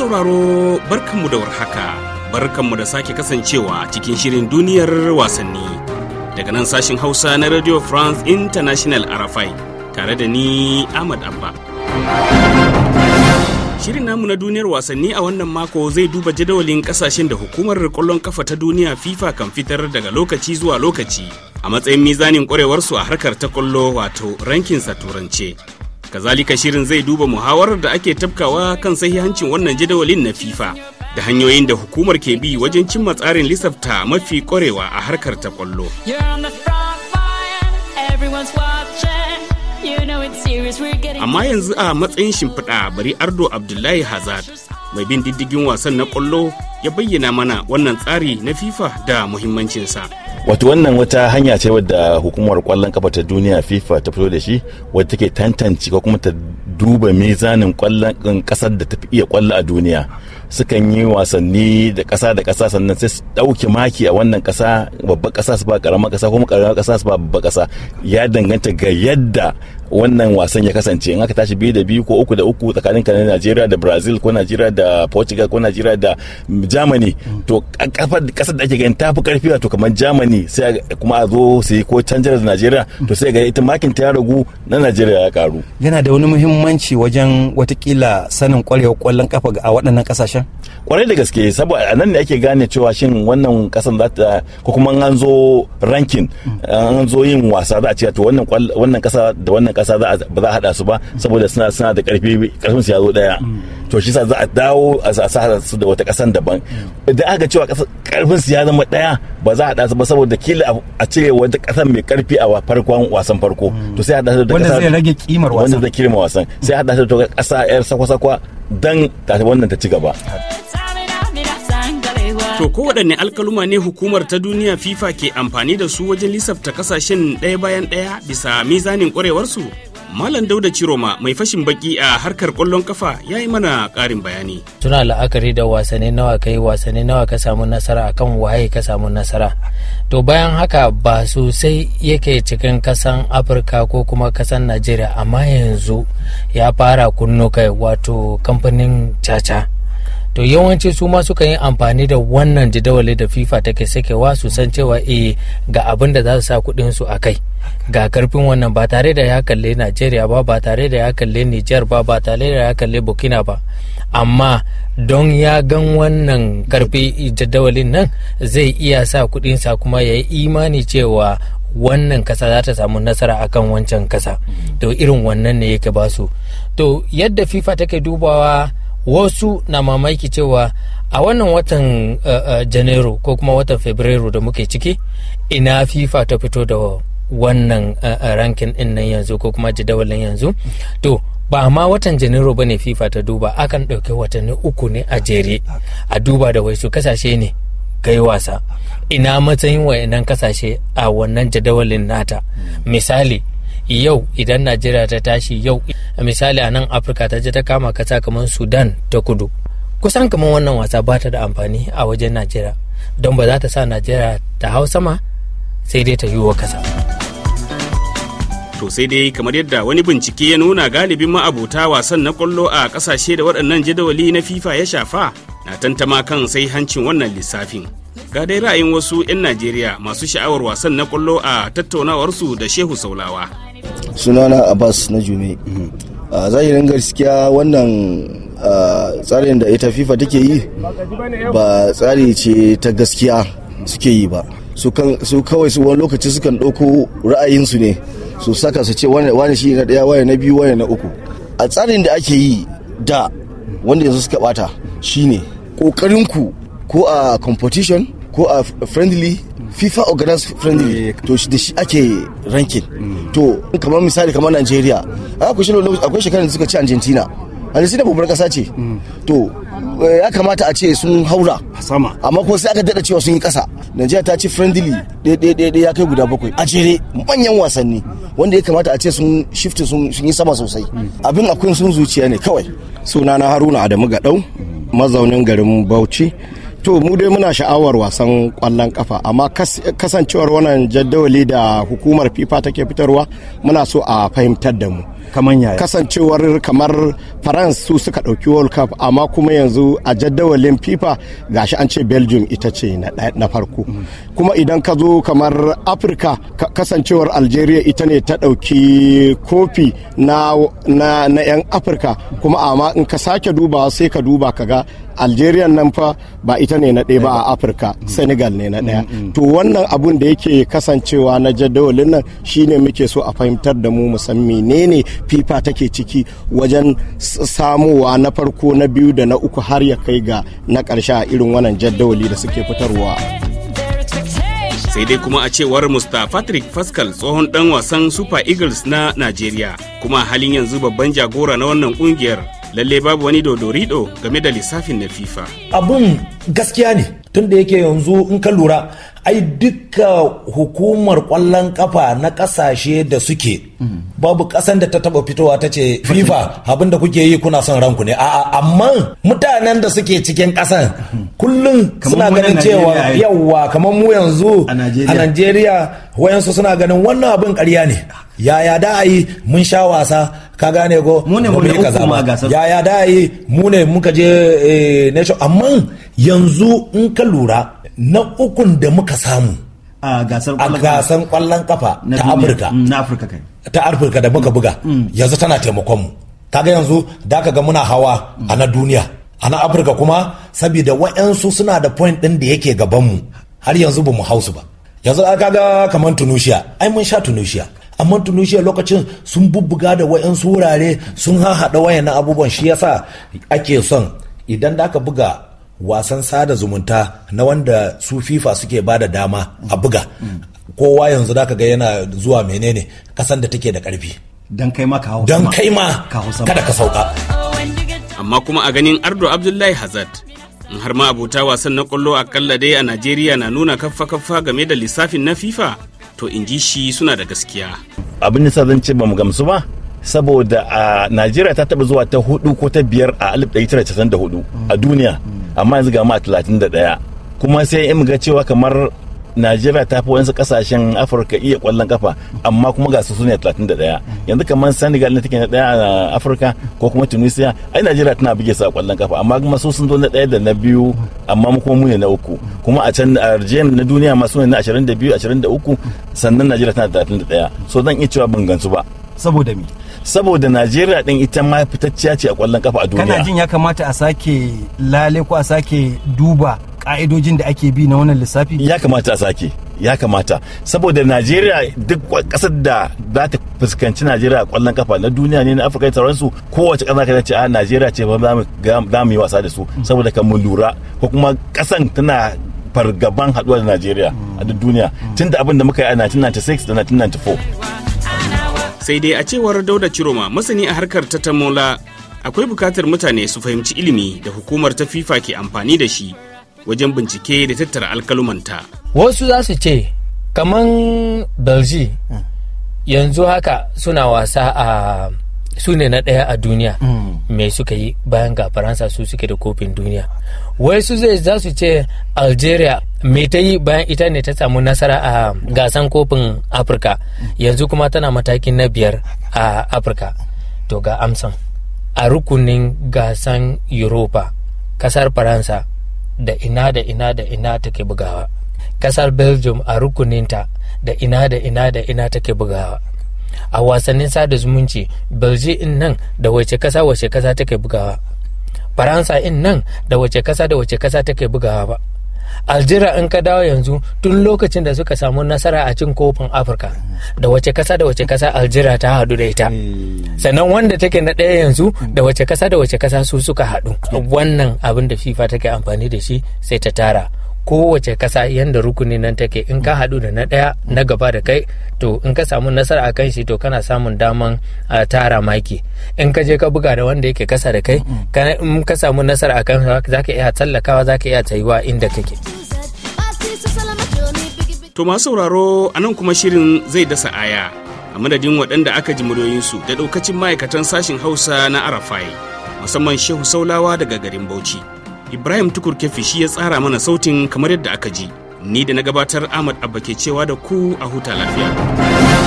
sauraro barkanmu da warhaka barkanmu da sake kasancewa cikin shirin duniyar wasanni daga nan sashin hausa na radio france international rfi tare da ni ahmad abba shirin namu na duniyar wasanni a wannan mako zai duba jadawalin kasashen da hukumar kwallon kafa ta duniya fifa kan fitar daga lokaci zuwa lokaci a matsayin mizanin kwarewarsu a harkar ta kwallo wato rankin sa turance Kazalika shirin zai duba muhawarar da ake tafkawa kan sahihancin wannan jadawalin na FIFA da hanyoyin da hukumar ke bi wajen cimma tsarin lissafta mafi kwarewa a harkar ta kwallo. Amma yanzu a matsayin shimfiɗa bari Ardo Abdullahi Hazard mai bin diddigin wasan na kwallo ya bayyana mana wannan tsari na fifa da muhimmancinsa wato wannan wata hanya ce wadda hukumar kwallon kafa ta duniya fifa ta fito da shi wadda take tantance ko kuma ta duba mizanin kwallon um, kasar da tafi iya kwallo a duniya sukan yi wasanni da kasa da kasa sannan sai su dauki maki a wannan kasa babban kasa su ba karamar kasa kuma karamar kasa su ba babban kasa ya danganta ga yadda wannan wasan ya kasance in aka tashi biyu da biyu ko uku da uku tsakanin ka Najeriya da Brazil ko Najeriya da Portugal ko Najeriya da Germany mm. to kasar da ake gani ta fi karfi wato kamar Germany sai kuma a zo sai ko canjar da Najeriya mm. to sai ga ita makin ta ragu na Najeriya ya karu yana da wani muhimmanci wajen watakila sanin kwarewar kwallon kafa a waɗannan kasashen kwarai da gaske saboda a nan ne ake gane cewa shin wannan kasan za ta ko kuma an zo rankin mm. an zo yin wasa za a ce to wannan kasa da wannan kasa ba za a hada su ba saboda suna suna da karfi karfin su ya zo daya to shi sa za a dawo a sa su da wata kasan daban idan aka cewa karfin su ya zama daya ba za a hada su ba saboda kila a cire wata kasan mai karfi a farkon wasan farko to sai hada su da kasa wanda zai rage kimar wasan wanda zai kirma wasan sai hada su da kasa yar sakwa-sakwa dan ta wannan ta ci gaba. To kowaɗanne alkaluma ne hukumar ta duniya FIFA ke amfani da su wajen lissafta kasashen ɗaya bayan ɗaya bisa mizanin ƙwarewarsu? Malam Dauda Ciroma mai fashin baki a harkar ƙwallon kafa ya yi mana ƙarin bayani. Suna la'akari da wasanni nawa kai wasanni nawa ka samu nasara akan waye ka samu nasara. To bayan haka ba sosai yake cikin kasan Afirka ko kuma kasan Najeriya amma yanzu ya fara kunno kai wato kamfanin caca. to yawanci su ma suka yi amfani da wannan jadawali da fifa take sakewa su san cewa eh ga abin da za su sa kuɗin su a kai ga karfin wannan ba tare da ya kalle najeriya ba ba tare da ya kalle niger ba ba tare da ya kalle burkina ba amma don ya gan wannan karfi jadawalin nan zai iya sa sa kuma ya yi imani cewa wannan kasa za ta samu nasara akan wancan kasa to irin wannan ne yake basu to yadda fifa take dubawa wasu na mamaki cewa a wannan watan eh, eh, janairu ko kuma watan fabrairu da muke ciki ina fifa ta fito da wannan eh, rankin din nan yanzu ko kuma jadawalin yanzu to ba ma watan janairu ba ne fifa ta duba akan ɗauki watanni uku ne a jere a duba da wasu kasashe ne kai wasa ina matsayin waannan kasashe a wannan jadawalin nata misali yau idan najeriya ta tashi yau a misali a nan afirka ta je ta kama kasa kamar sudan ta kudu kusan kamar wannan wasa ba ta da amfani a wajen najeriya don ba za ta sa najeriya ta hau sama sai dai ta yi wa kasa to sai dai kamar yadda wani bincike ya nuna galibin ma'abota wasan na kwallo a kasashe da waɗannan jadawali na fifa ya shafa na tantama kan sai hancin wannan lissafin ga dai ra'ayin wasu 'yan najeriya masu sha'awar wasan na kwallo a tattaunawarsu da shehu saulawa sunana abbas na jume mhm. a zahirin gaskiya wannan tsarin da ita fifa take yi ba tsari ce ta gaskiya suke yi ba su kawai su wani lokaci sukan ɗauko ra'ayinsu ne su saka su ce wani shi na ɗaya wani na biyu wani na uku a tsarin da ake yi da wanda yanzu suka bata shine ƙoƙarinku ko a competition ko a friendly FIFA organized friendly eh. to da shi ake ranking to kamar misali kamar Nigeria akwai shekarar da suka ci Argentina Argentina babbar kasa ce mm. to eh, ya kamata a ce sun haura sama amma kuma sai aka dada cewa sun yi kasa Najeriya ta ci friendly ɗaya ya kai guda bakwai a jere manyan wasanni wanda ya kamata a ce sun shifta sun yi sama sosai mm. abin akwai sun zuciya ne kawai sunana Haruna Adamu Gaɗau mazaunin garin Bauchi to mu dai muna sha'awar wasan kwallon kafa amma kasancewar wannan jaddawali da hukumar fifa take fitarwa muna so a fahimtar da mu kamar yaya kasancewar kamar france su suka ɗauki world cup amma kuma yanzu a jaddawalin fifa gashi an ce belgium ita ce na farko mm-hmm. kuma idan ka zo kamar afirka kasancewar algeria ita ne ta ɗauki kofi na 'yan afirka kuma amma in ka sake dubawa sai ka duba ka ga algeria nan fa ba ita ne na ɗaya ba a afirka mm. senegal ne na mm, ɗaya mm, to wannan abun da yake kasancewa na jadawalin nan shine muke so a fahimtar da mu musamman menene fifa take ciki wajen samowa na farko na biyu da na uku har ya kai ga na ƙarshe a irin wannan jadawali da suke fitarwa sai dai kuma a cewar musta Patrick Pascal tsohon dan wasan Super Eagles na Najeriya kuma halin yanzu babban jagora na wannan kungiyar lalle babu wani do game da lissafin na fifa abun gaskiya ne tun da yake yanzu in ka lura ai duka hukumar kwallon kafa na kasashe da suke babu kasan da ta taba fitowa ta ce fifa abin da kuke yi kuna son ranku ne a'a amma mutanen da suke cikin kasan kullum suna ganin cewa yawa kamar mu yanzu a najeriya wayansu suna ganin wannan abin karya ne yaya da a yi mun sha wasa ka gane ko mu ne mu yi kaza ya ya da mu ne muka je eh, nation amma yanzu in ka lura na ukun da muka samu a gasar kwallon kafa ta Afirka mm, ta Afirka da muka buga mm. yanzu tana taimakon mu kaga yanzu da ka ga muna hawa a na duniya a na Afirka kuma saboda wa'yansu suna da point din da yake gaban mu har yanzu ba mu hausu ba yanzu aka ga kamar tunisia ai mun sha tunisia amma a lokacin sun bubbuga da wayansu surare sun hahaɗa wayan na abubuwan shi yasa ake son idan da aka buga wasan sada zumunta na wanda su fifa suke ba da dama a buga kowa yanzu da ga yana zuwa menene kasan da take da karfi don kai ma ka hau kai ma kada ka sauka amma kuma a ganin ardo abdullahi hazard in har ma abota wasan na kwallo akalla dai a najeriya na nuna kaffa kaffa game da lissafin na fifa to in ji shi suna da gaskiya abin da zan ce ba mu gamsu ba saboda a najeriya ta taba zuwa ta hudu ko ta biyar a 1994 a duniya mm. amma yanzu ga ma 31 kuma sai in ga cewa kamar najeriya ta fi wasu kasashen afirka iya kwallon kafa amma kuma ga su ne 31 yanzu kamar senegal ne take na daya a afirka ko kuma tunisia ai najeriya tana buge su a kwallon kafa amma kuma su sun zo na daya da na biyu amma mu kuma mu ne na uku kuma a can arjen na duniya ma su ne na 22 23 sannan najeriya tana da 31 so zan iya cewa ban gansu ba saboda me saboda najeriya din ita ma fitacciya ce a kwallon kafa a duniya kana jin ya kamata a sake lale ko a sake duba ka'idojin da ake bi na wannan lissafi ya kamata a sake ya kamata saboda najeriya duk kasar da za ta fuskanci najeriya kwallon kafa na duniya ne na afirka da sauransu kowace kasa ka ce a ah, najeriya ce ba za mu yi wasa da su hmm. saboda kan mu lura ko kuma kasan tana fargaban haduwa da najeriya a duk duniya hmm. tun da abin da muka yi a 1996 da 1994 sai dai a cewar dauda ciroma masani a harkar tattamola akwai bukatar mutane su fahimci ilimi da hukumar ta fifa ke amfani da shi wajen bincike da tattara alkalumanta. Wasu za su ce, kaman Belgium yanzu haka suna wasa a su ne na ɗaya a duniya mm. me suka yi bayan ga faransa su suke da kofin duniya wai su zai za su ce algeria me ta yi bayan ita ne ta samu nasara a gasan kofin afirka yanzu kuma tana matakin na biyar a afirka to ga amsan a rukunin gasan europa kasar faransa da ina da ina da ina take bugawa kasar belgium a rukuninta da ina da ina da ina take bugawa a wasannin sada zumunci belgium in nan da wace kasa wace kasa take bugawa faransa in nan da wace kasa da wace kasa take bugawa ba aljira in ka dawo yanzu tun lokacin da suka samu nasara a cin kofin afirka da wace kasa da wace kasa aljira ta haɗu da ita eh. sannan wanda take na ɗaya yanzu da wace kasa da wace kasa su suka haɗu wannan abin da fifa take amfani da shi sai ta tara kowace kasa yadda rukuni nan take in ka haɗu da na ɗaya na gaba da kai to in ka samu nasara a kan shi to kana samun daman tara maki in ka je ka buga da wanda yake kasa da kai in ka samu nasara a kan za ka iya tsallakawa za ka iya tsayuwa inda kake. to masu sauraro a nan kuma shirin zai dasa aya a madadin waɗanda aka ji muryoyinsu da ɗaukacin ma'aikatan sashin hausa na arafai musamman shehu saulawa daga garin bauchi. Ibrahim Tukur Kefi shi ya tsara mana sautin kamar yadda aka ji. Ni da na gabatar Ahmad Abba ke cewa da ku a huta lafiya.